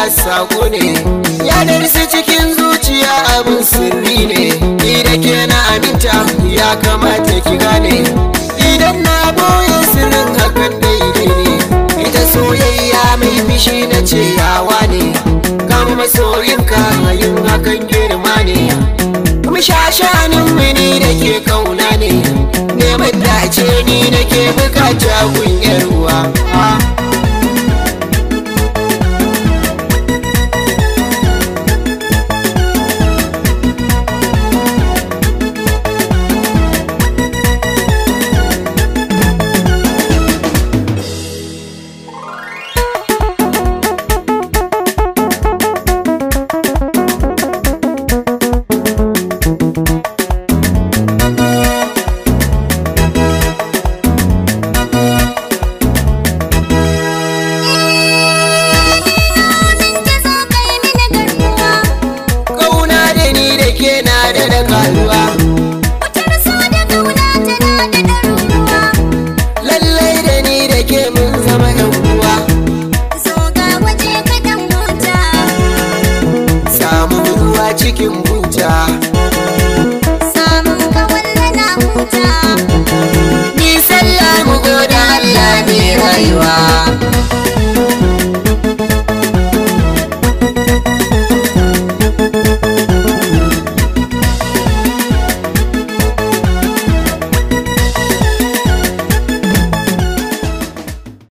Allah sako ne ya darsi cikin zuciya abin sirri ne ni da ke na aminta ya kamata ki gane idan na boye sirrin hakan daidai ne ita soyayya mai fishi na ce yawa ne kama ka yin hakan girma ne kuma shashanin mini da ke kauna ne neman dace ni da ke bukata ku da da karuwa Wutar so da kauna tana da ɗaruwa Lallai da ni da ke mun zama yan uwa Zo ga waje ka dan huta Samu ruwa cikin